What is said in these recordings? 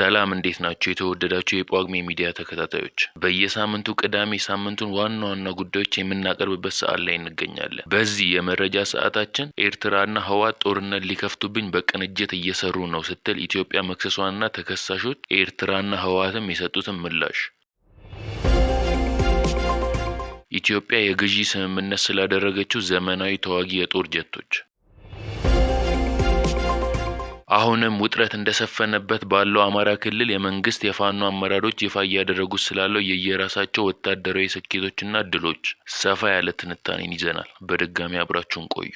ሰላም እንዴት ናቸው? የተወደዳቸው የጳጉሜ ሚዲያ ተከታታዮች፣ በየሳምንቱ ቅዳሜ ሳምንቱን ዋና ዋና ጉዳዮች የምናቀርብበት ሰዓት ላይ እንገኛለን። በዚህ የመረጃ ሰዓታችን ኤርትራና ህወሓት ጦርነት ሊከፍቱብኝ በቅንጅት እየሰሩ ነው ስትል ኢትዮጵያ መክሰሷንና ተከሳሾች ኤርትራና ህዋትም የሰጡትን ምላሽ ኢትዮጵያ የግዢ ስምምነት ስላደረገችው ዘመናዊ ተዋጊ የጦር ጀቶች አሁንም ውጥረት እንደሰፈነበት ባለው አማራ ክልል የመንግስት የፋኖ አመራሮች ይፋ እያደረጉት ስላለው የየራሳቸው ወታደራዊ ስኬቶችና ድሎች ሰፋ ያለ ትንታኔን ይዘናል። በድጋሚ አብራችሁን ቆዩ።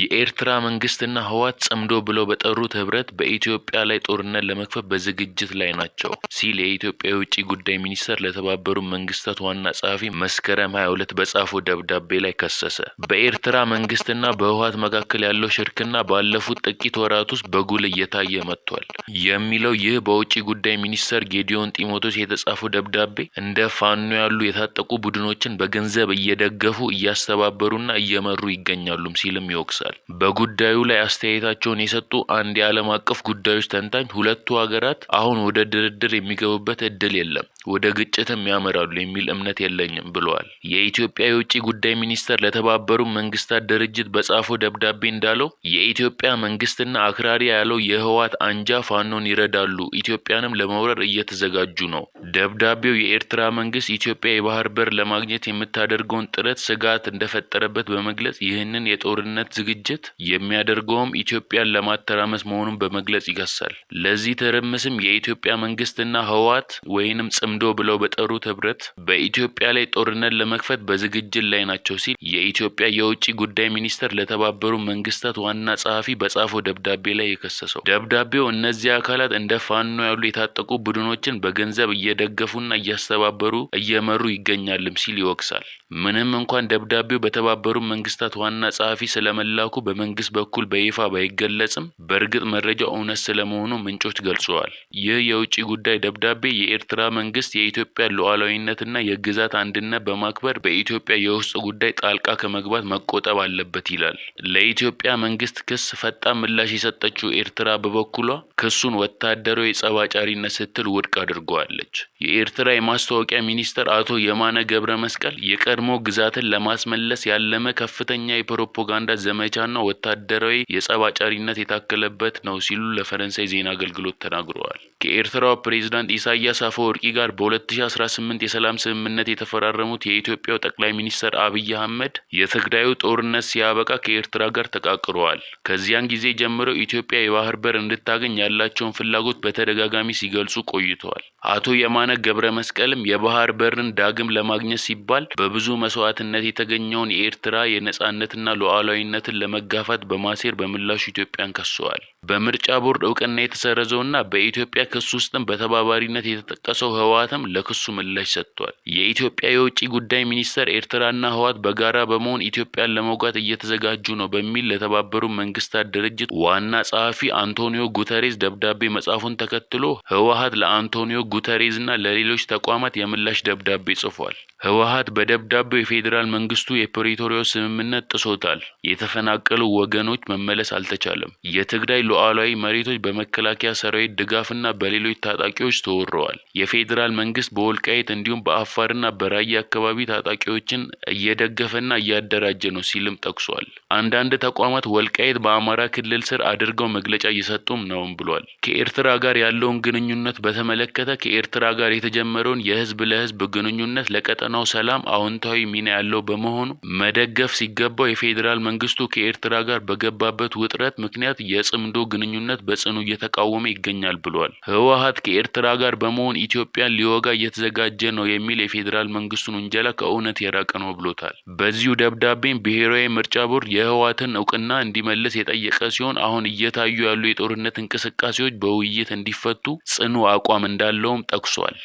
የኤርትራ መንግስትና ህወሓት ጽምዶ ብለው በጠሩት ህብረት በኢትዮጵያ ላይ ጦርነት ለመክፈት በዝግጅት ላይ ናቸው ሲል የኢትዮጵያ የውጭ ጉዳይ ሚኒስቴር ለተባበሩት መንግስታት ዋና ጸሐፊ መስከረም 22 በጻፉ ደብዳቤ ላይ ከሰሰ። በኤርትራ መንግስትና በህወሓት መካከል ያለው ሽርክና ባለፉት ጥቂት ወራት ውስጥ በጉል እየታየ መጥቷል የሚለው ይህ በውጭ ጉዳይ ሚኒስቴር ጌዲዮን ጢሞቴዎስ የተጻፉ ደብዳቤ እንደ ፋኖ ያሉ የታጠቁ ቡድኖችን በገንዘብ እየደገፉ እያስተባበሩና እየመሩ ይገኛሉም ሲልም ይወቅሳል። ይጠቅሳል። በጉዳዩ ላይ አስተያየታቸውን የሰጡ አንድ የዓለም አቀፍ ጉዳዮች ተንታኝ ሁለቱ ሀገራት አሁን ወደ ድርድር የሚገቡበት እድል የለም፣ ወደ ግጭትም ያመራሉ የሚል እምነት የለኝም ብለዋል። የኢትዮጵያ የውጭ ጉዳይ ሚኒስተር ለተባበሩ መንግስታት ድርጅት በጻፈው ደብዳቤ እንዳለው የኢትዮጵያ መንግስትና አክራሪ ያለው የህወሓት አንጃ ፋኖን ይረዳሉ፣ ኢትዮጵያንም ለመውረር እየተዘጋጁ ነው። ደብዳቤው የኤርትራ መንግስት ኢትዮጵያ የባህር በር ለማግኘት የምታደርገውን ጥረት ስጋት እንደፈጠረበት በመግለጽ ይህንን የጦርነት ዝግጅ ዝግጅት የሚያደርገውም ኢትዮጵያን ለማተራመስ መሆኑን በመግለጽ ይከሳል። ለዚህ ትርምስም የኢትዮጵያ መንግስትና ህወሓት ወይንም ጽምዶ ብለው በጠሩት ህብረት በኢትዮጵያ ላይ ጦርነት ለመክፈት በዝግጅት ላይ ናቸው ሲል የኢትዮጵያ የውጭ ጉዳይ ሚኒስቴር ለተባበሩ መንግስታት ዋና ጸሐፊ በጻፈው ደብዳቤ ላይ የከሰሰው። ደብዳቤው እነዚህ አካላት እንደ ፋኖ ያሉ የታጠቁ ቡድኖችን በገንዘብ እየደገፉና እያስተባበሩ እየመሩ ይገኛልም ሲል ይወቅሳል። ምንም እንኳን ደብዳቤው በተባበሩ መንግስታት ዋና ጸሐፊ ስለመላ መላኩ በመንግስት በኩል በይፋ ባይገለጽም በእርግጥ መረጃው እውነት ስለመሆኑ ምንጮች ገልጸዋል። ይህ የውጭ ጉዳይ ደብዳቤ የኤርትራ መንግስት የኢትዮጵያ ሉዓላዊነትና የግዛት አንድነት በማክበር በኢትዮጵያ የውስጥ ጉዳይ ጣልቃ ከመግባት መቆጠብ አለበት ይላል። ለኢትዮጵያ መንግስት ክስ ፈጣን ምላሽ የሰጠችው ኤርትራ በበኩሏ ክሱን ወታደራዊ የጸባጫሪነት ስትል ውድቅ አድርገዋለች። የኤርትራ የማስታወቂያ ሚኒስትር አቶ የማነ ገብረ መስቀል የቀድሞ ግዛትን ለማስመለስ ያለመ ከፍተኛ የፕሮፓጋንዳ ዘመ ዘመቻና ወታደራዊ የጸባጫሪነት የታከለበት ነው ሲሉ ለፈረንሳይ ዜና አገልግሎት ተናግረዋል። ከኤርትራው ፕሬዝዳንት ኢሳያስ አፈወርቂ ጋር በ2018 የሰላም ስምምነት የተፈራረሙት የኢትዮጵያው ጠቅላይ ሚኒስትር አብይ አህመድ የትግራዩ ጦርነት ሲያበቃ ከኤርትራ ጋር ተቃቅረዋል። ከዚያን ጊዜ ጀምሮ ኢትዮጵያ የባህር በር እንድታገኝ ያላቸውን ፍላጎት በተደጋጋሚ ሲገልጹ ቆይተዋል። አቶ የማነ ገብረ መስቀልም የባህር በርን ዳግም ለማግኘት ሲባል በብዙ መስዋዕትነት የተገኘውን የኤርትራ የነጻነትና ሉዓላዊነትን ለመጋፋት በማሴር በምላሹ ኢትዮጵያን ከሰዋል በምርጫ ቦርድ እውቅና የተሰረዘውና በኢትዮጵያ ክስ ውስጥም በተባባሪነት የተጠቀሰው ህወሓትም ለክሱ ምላሽ ሰጥቷል። የኢትዮጵያ የውጭ ጉዳይ ሚኒስቴር ኤርትራና ህወሓት በጋራ በመሆን ኢትዮጵያን ለመውጋት እየተዘጋጁ ነው በሚል ለተባበሩ መንግስታት ድርጅት ዋና ጸሐፊ አንቶኒዮ ጉተሬዝ ደብዳቤ መጻፉን ተከትሎ ህወሓት ለአንቶኒዮ ጉተሬዝና ለሌሎች ተቋማት የምላሽ ደብዳቤ ጽፏል። ህወሓት በደብዳቤው የፌዴራል መንግስቱ የፕሪቶሪያው ስምምነት ጥሶታል፣ የተፈናቀሉ ወገኖች መመለስ አልተቻለም፣ የትግራይ ሉዓላዊ መሬቶች በመከላከያ ሰራዊት ድጋፍና በሌሎች ታጣቂዎች ተወረዋል። የፌዴራል መንግስት በወልቃይት እንዲሁም በአፋርና በራያ አካባቢ ታጣቂዎችን እየደገፈና እያደራጀ ነው ሲልም ጠቅሷል። አንዳንድ ተቋማት ወልቃይት በአማራ ክልል ስር አድርገው መግለጫ እየሰጡም ነውም ብሏል። ከኤርትራ ጋር ያለውን ግንኙነት በተመለከተ ከኤርትራ ጋር የተጀመረውን የህዝብ ለህዝብ ግንኙነት ለቀጠናው ሰላም አዎንታዊ ሚና ያለው በመሆኑ መደገፍ ሲገባው የፌዴራል መንግስቱ ከኤርትራ ጋር በገባበት ውጥረት ምክንያት የጽምዶ ያለው ግንኙነት በጽኑ እየተቃወመ ይገኛል ብሏል። ህወሀት ከኤርትራ ጋር በመሆን ኢትዮጵያን ሊወጋ እየተዘጋጀ ነው የሚል የፌዴራል መንግስቱን ውንጀላ ከእውነት የራቀ ነው ብሎታል። በዚሁ ደብዳቤም ብሔራዊ ምርጫ ቦርድ የህወሀትን እውቅና እንዲመልስ የጠየቀ ሲሆን አሁን እየታዩ ያሉ የጦርነት እንቅስቃሴዎች በውይይት እንዲፈቱ ጽኑ አቋም እንዳለውም ጠቅሷል።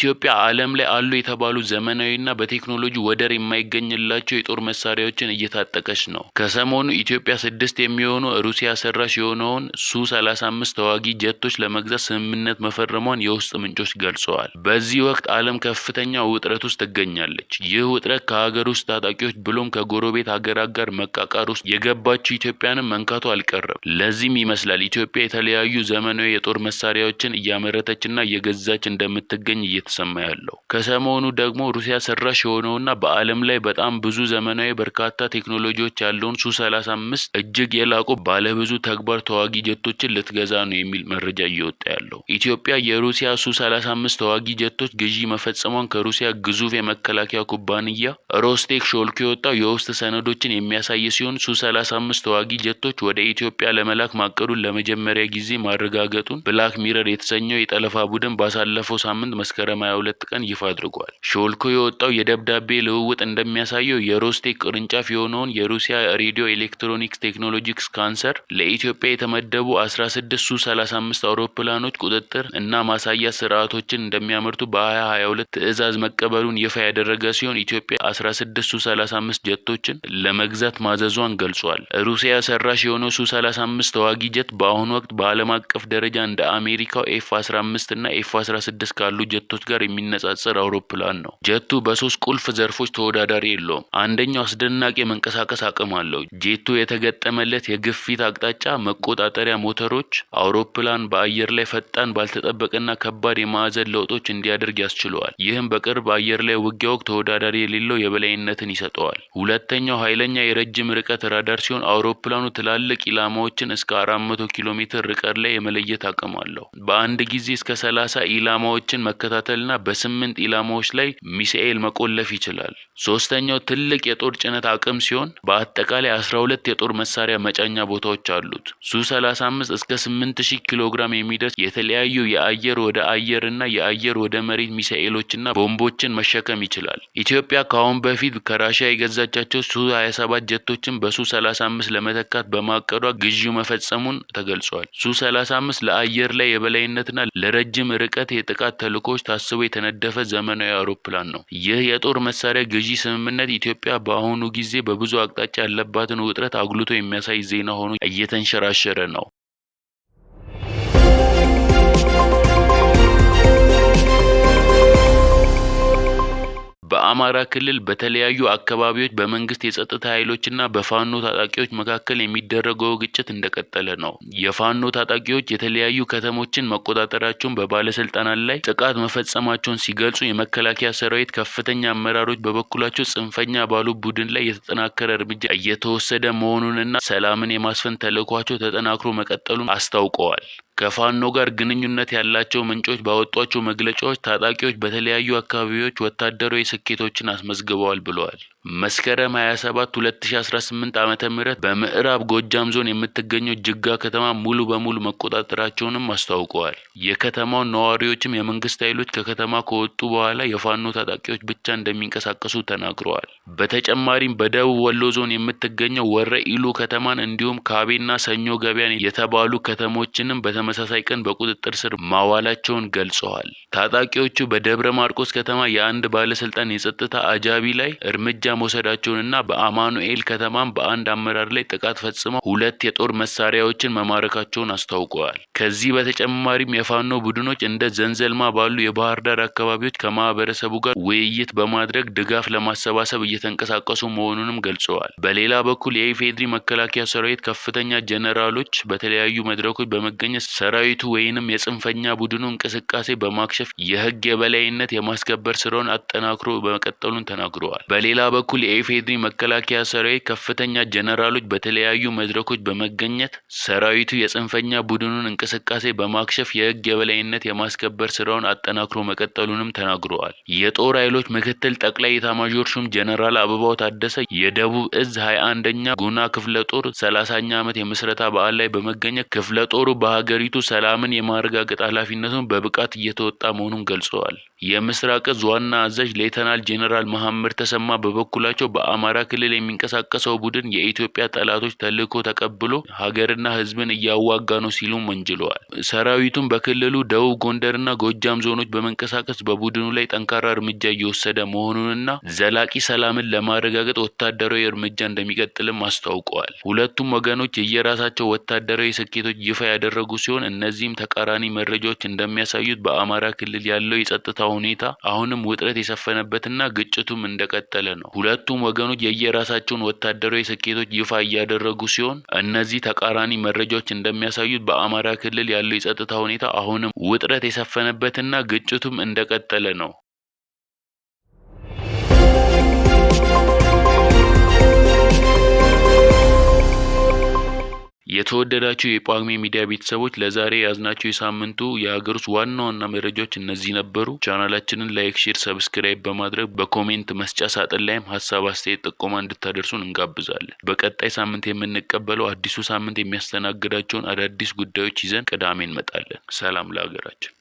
ኢትዮጵያ ዓለም ላይ አሉ የተባሉ ዘመናዊና በቴክኖሎጂ ወደር የማይገኝላቸው የጦር መሳሪያዎችን እየታጠቀች ነው። ከሰሞኑ ኢትዮጵያ ስድስት የሚሆኑ ሩሲያ ሰራሽ የሆነውን ሱ 35 ተዋጊ ጀቶች ለመግዛት ስምምነት መፈረሟን የውስጥ ምንጮች ገልጸዋል። በዚህ ወቅት ዓለም ከፍተኛ ውጥረት ውስጥ ትገኛለች። ይህ ውጥረት ከሀገር ውስጥ ታጣቂዎች ብሎም ከጎረቤት ሀገራት ጋር መቃቃር ውስጥ የገባችው ኢትዮጵያንም መንካቱ አልቀረም። ለዚህም ይመስላል ኢትዮጵያ የተለያዩ ዘመናዊ የጦር መሳሪያዎችን እያመረተችና እየገዛች እንደምትገኝ እየተ እየተሰማ ያለው። ከሰሞኑ ደግሞ ሩሲያ ሰራሽ የሆነውና በዓለም ላይ በጣም ብዙ ዘመናዊ በርካታ ቴክኖሎጂዎች ያለውን ሱ 35 እጅግ የላቁ ባለብዙ ተግባር ተዋጊ ጀቶችን ልትገዛ ነው የሚል መረጃ እየወጣ ያለው። ኢትዮጵያ የሩሲያ ሱ 35 ተዋጊ ጀቶች ግዢ መፈጸሟን ከሩሲያ ግዙፍ የመከላከያ ኩባንያ ሮስቴክ ሾልኮ የወጣው የውስጥ ሰነዶችን የሚያሳይ ሲሆን ሱ 35 ተዋጊ ጀቶች ወደ ኢትዮጵያ ለመላክ ማቀዱን ለመጀመሪያ ጊዜ ማረጋገጡን ብላክ ሚረር የተሰኘው የጠለፋ ቡድን ባሳለፈው ሳምንት መስከረም መስከረም 22 ቀን ይፋ አድርጓል። ሾልኮ የወጣው የደብዳቤ ልውውጥ እንደሚያሳየው የሮስቴክ ቅርንጫፍ የሆነውን የሩሲያ ሬዲዮ ኤሌክትሮኒክስ ቴክኖሎጂክስ ካንሰር ለኢትዮጵያ የተመደቡ 16 ሱ 35 አውሮፕላኖች ቁጥጥር እና ማሳያ ስርዓቶችን እንደሚያመርቱ በ2022 ትዕዛዝ መቀበሉን ይፋ ያደረገ ሲሆን ኢትዮጵያ 16 ሱ 35 ጀቶችን ለመግዛት ማዘዟን ገልጿል። ሩሲያ ሰራሽ የሆነው ሱ 35 ተዋጊ ጀት በአሁኑ ወቅት በዓለም አቀፍ ደረጃ እንደ አሜሪካው ኤፍ 15 እና ኤፍ 16 ካሉ ጀቶች ጋር የሚነጻጸር አውሮፕላን ነው። ጀቱ በሶስት ቁልፍ ዘርፎች ተወዳዳሪ የለውም። አንደኛው አስደናቂ የመንቀሳቀስ አቅም አለው። ጄቱ የተገጠመለት የግፊት አቅጣጫ መቆጣጠሪያ ሞተሮች አውሮፕላን በአየር ላይ ፈጣን ባልተጠበቀና ከባድ የማዕዘን ለውጦች እንዲያደርግ ያስችለዋል። ይህም በቅርብ አየር ላይ ውጊያ ወቅት ተወዳዳሪ የሌለው የበላይነትን ይሰጠዋል። ሁለተኛው ኃይለኛ የረጅም ርቀት ራዳር ሲሆን አውሮፕላኑ ትላልቅ ኢላማዎችን እስከ 400 ኪሎ ሜትር ርቀት ላይ የመለየት አቅም አለው። በአንድ ጊዜ እስከ 30 ኢላማዎችን መከታተል መከላከልና በስምንት ኢላማዎች ላይ ሚሳኤል መቆለፍ ይችላል። ሶስተኛው ትልቅ የጦር ጭነት አቅም ሲሆን በአጠቃላይ 12 የጦር መሳሪያ መጫኛ ቦታዎች አሉት። ሱ 35 እስከ 8000 ኪሎ ግራም የሚደርስ የተለያዩ የአየር ወደ አየር እና የአየር ወደ መሬት ሚሳኤሎችና ቦምቦችን መሸከም ይችላል። ኢትዮጵያ ከአሁን በፊት ከራሽያ የገዛቻቸው ሱ 27 ጀቶችን በሱ 35 ለመተካት በማቀዷ ግዢው መፈጸሙን ተገልጿል። ሱ 35 ለአየር ላይ የበላይነትና ለረጅም ርቀት የጥቃት ተልእኮዎች ታስ ታስቦ የተነደፈ ዘመናዊ አውሮፕላን ነው። ይህ የጦር መሳሪያ ገዢ ስምምነት ኢትዮጵያ በአሁኑ ጊዜ በብዙ አቅጣጫ ያለባትን ውጥረት አጉልቶ የሚያሳይ ዜና ሆኖ እየተንሸራሸረ ነው። በአማራ ክልል በተለያዩ አካባቢዎች በመንግስት የጸጥታ ኃይሎችና በፋኖ ታጣቂዎች መካከል የሚደረገው ግጭት እንደቀጠለ ነው። የፋኖ ታጣቂዎች የተለያዩ ከተሞችን መቆጣጠራቸውን፣ በባለስልጣናት ላይ ጥቃት መፈጸማቸውን ሲገልጹ፣ የመከላከያ ሰራዊት ከፍተኛ አመራሮች በበኩላቸው ጽንፈኛ ባሉ ቡድን ላይ የተጠናከረ እርምጃ እየተወሰደ መሆኑንና ሰላምን የማስፈን ተልዕኳቸው ተጠናክሮ መቀጠሉን አስታውቀዋል። ከፋኖ ጋር ግንኙነት ያላቸው ምንጮች ባወጧቸው መግለጫዎች ታጣቂዎች በተለያዩ አካባቢዎች ወታደራዊ ስኬቶችን አስመዝግበዋል ብለዋል። መስከረም 27 2018 ዓ ም በምዕራብ ጎጃም ዞን የምትገኘው ጅጋ ከተማ ሙሉ በሙሉ መቆጣጠራቸውንም አስታውቀዋል። የከተማውን ነዋሪዎችም የመንግስት ኃይሎች ከከተማ ከወጡ በኋላ የፋኖ ታጣቂዎች ብቻ እንደሚንቀሳቀሱ ተናግረዋል። በተጨማሪም በደቡብ ወሎ ዞን የምትገኘው ወረ ኢሉ ከተማን እንዲሁም ካቤና ሰኞ ገበያን የተባሉ ከተሞችንም በተመ በተመሳሳይ ቀን በቁጥጥር ስር ማዋላቸውን ገልጸዋል። ታጣቂዎቹ በደብረ ማርቆስ ከተማ የአንድ ባለስልጣን የጸጥታ አጃቢ ላይ እርምጃ መውሰዳቸውንና በአማኑኤል ከተማም በአንድ አመራር ላይ ጥቃት ፈጽመው ሁለት የጦር መሳሪያዎችን መማረካቸውን አስታውቀዋል። ከዚህ በተጨማሪም የፋኖ ቡድኖች እንደ ዘንዘልማ ባሉ የባህር ዳር አካባቢዎች ከማህበረሰቡ ጋር ውይይት በማድረግ ድጋፍ ለማሰባሰብ እየተንቀሳቀሱ መሆኑንም ገልጸዋል። በሌላ በኩል የኢፌዴሪ መከላከያ ሰራዊት ከፍተኛ ጀነራሎች በተለያዩ መድረኮች በመገኘት ሰራዊቱ ወይንም የጽንፈኛ ቡድኑ እንቅስቃሴ በማክሸፍ የህግ የበላይነት የማስከበር ስራውን አጠናክሮ መቀጠሉን ተናግረዋል። በሌላ በኩል የኢፌድሪ መከላከያ ሰራዊት ከፍተኛ ጀነራሎች በተለያዩ መድረኮች በመገኘት ሰራዊቱ የጽንፈኛ ቡድኑን እንቅስቃሴ በማክሸፍ የህግ የበላይነት የማስከበር ስራውን አጠናክሮ መቀጠሉንም ተናግረዋል። የጦር ኃይሎች ምክትል ጠቅላይ ኤታማዦር ሹም ጀነራል አበባው ታደሰ የደቡብ እዝ 21ኛ ጉና ክፍለ ጦር 30ኛ ዓመት የምስረታ በዓል ላይ በመገኘት ክፍለ ጦሩ በሀገሪቱ በሀገሪቱ ሰላምን የማረጋገጥ ኃላፊነቱን በብቃት እየተወጣ መሆኑን ገልጸዋል የምስራቅ እዝ ዋና አዛዥ ሌተናል ጄኔራል መሐመድ ተሰማ በበኩላቸው በአማራ ክልል የሚንቀሳቀሰው ቡድን የኢትዮጵያ ጠላቶች ተልዕኮ ተቀብሎ ሀገርና ሕዝብን እያዋጋ ነው ሲሉም ወንጅለዋል። ሰራዊቱም በክልሉ ደቡብ ጎንደርና ጎጃም ዞኖች በመንቀሳቀስ በቡድኑ ላይ ጠንካራ እርምጃ እየወሰደ መሆኑንና ዘላቂ ሰላምን ለማረጋገጥ ወታደራዊ እርምጃ እንደሚቀጥልም አስታውቀዋል። ሁለቱም ወገኖች የየራሳቸው ወታደራዊ ስኬቶች ይፋ ያደረጉ ሲሆን እነዚህም ተቃራኒ መረጃዎች እንደሚያሳዩት በአማራ ክልል ያለው የጸጥታ ሁኔታ አሁንም ውጥረት የሰፈነበትና ግጭቱም እንደቀጠለ ነው። ሁለቱም ወገኖች የየራሳቸውን ወታደራዊ ስኬቶች ይፋ እያደረጉ ሲሆን እነዚህ ተቃራኒ መረጃዎች እንደሚያሳዩት በአማራ ክልል ያለው የጸጥታ ሁኔታ አሁንም ውጥረት የሰፈነበትና ግጭቱም እንደቀጠለ ነው። የተወደዳቸው የጳጉሜ ሚዲያ ቤተሰቦች ለዛሬ ያዝናቸው የሳምንቱ የሀገር ውስጥ ዋና ዋና መረጃዎች እነዚህ ነበሩ። ቻናላችንን ላይክ፣ ሼር፣ ሰብስክራይብ በማድረግ በኮሜንት መስጫ ሳጥን ላይም ሀሳብ፣ አስተያየት፣ ጥቆማ እንድታደርሱን እንጋብዛለን። በቀጣይ ሳምንት የምንቀበለው አዲሱ ሳምንት የሚያስተናግዳቸውን አዳዲስ ጉዳዮች ይዘን ቅዳሜ እንመጣለን። ሰላም ለሀገራችን።